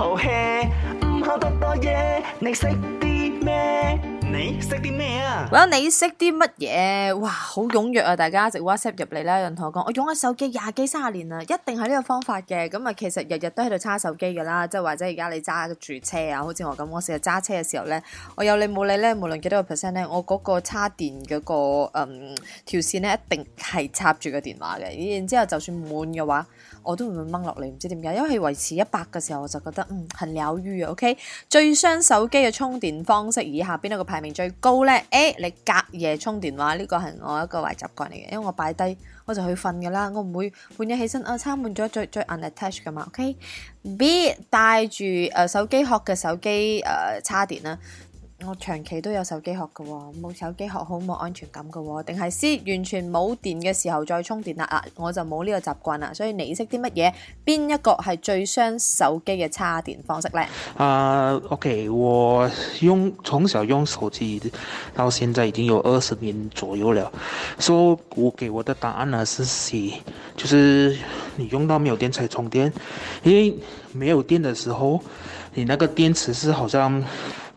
好氣，唔好多多嘢，你識啲咩？你識啲咩啊？我、well, 你識啲乜嘢？哇，好踴躍啊！大家一直 WhatsApp 入嚟啦，有人同我講，我用阿手機廿幾三十年啦，一定係呢個方法嘅。咁啊，其實日日都喺度叉手機噶啦，即係或者而家你揸住車啊，好似我咁，我成日揸車嘅時候咧，我有理冇理咧，無論幾多個 percent 咧，我嗰個插電嗰個嗯條線咧，一定係插住個電話嘅。然之後就算滿嘅話，我都唔會掹落嚟，唔知點解，因為維持一百嘅時候，我就覺得嗯很療癒啊。OK，最傷手機嘅充電方式，以下邊一個牌。排最高咧，誒，你隔夜充電話呢、呢個係我一個壞習慣嚟嘅，因為我擺低我就去瞓噶啦，我唔會半夜起身啊，差滿咗最最 unattached 嘛，ok，b、okay？帶住誒、呃、手機殼嘅手機誒插、呃、電啦。我長期都有手機殼嘅、哦，冇手機殼好冇安全感嘅、哦，定係先完全冇電嘅時候再充電啊！啊，我就冇呢個習慣啦，所以你識啲乜嘢？邊一個係最傷手機嘅插電方式咧？啊、uh，OK，我用從小用手機，到現在已經有二十年左右了。所、so, 以我給我的答案呢，是，就是你用到冇電才充電，因為冇電的時候，你那個電池是好像。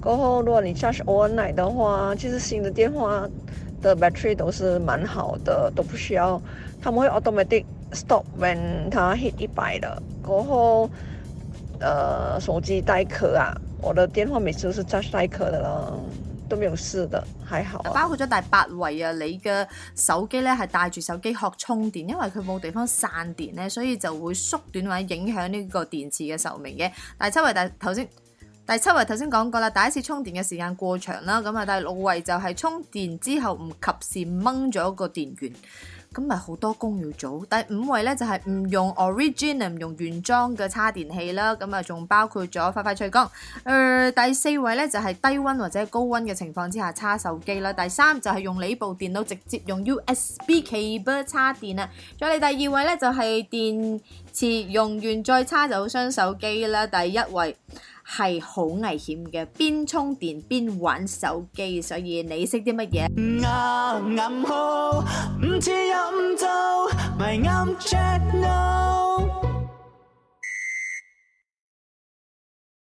過後如果你 charge overnight 的話，其實新的電話的 battery 都是蠻好的，都不需要。他們會 automatic stop when it hit 一百的。過後，呃，手機袋殼啊，我的電話每次都是 charge 袋殼的咯，都沒有事的，還好、啊。包括咗第八位啊，你嘅手機呢係帶住手機殼充電，因為佢冇地方散電呢，所以就會縮短或者影響呢個電池嘅壽命嘅。但是七位，但頭先。第七位，頭先講過啦，第一次充電嘅時間過長啦。咁啊，第六位就係充電之後唔及時掹咗個電源，咁咪好多工要做。第五位咧就係唔用 original 用原裝嘅插電器啦。咁啊，仲包括咗快快脆光、呃、第四位咧就係低溫或者高溫嘅情況之下叉手機啦。第三就係用你部電腦直接用 USB cable 插電啦。再嚟第二位咧就係電池用完再叉就好傷手機啦。第一位。係好危險嘅，邊充電邊玩手機，所以你識啲乜嘢？咪啱 check。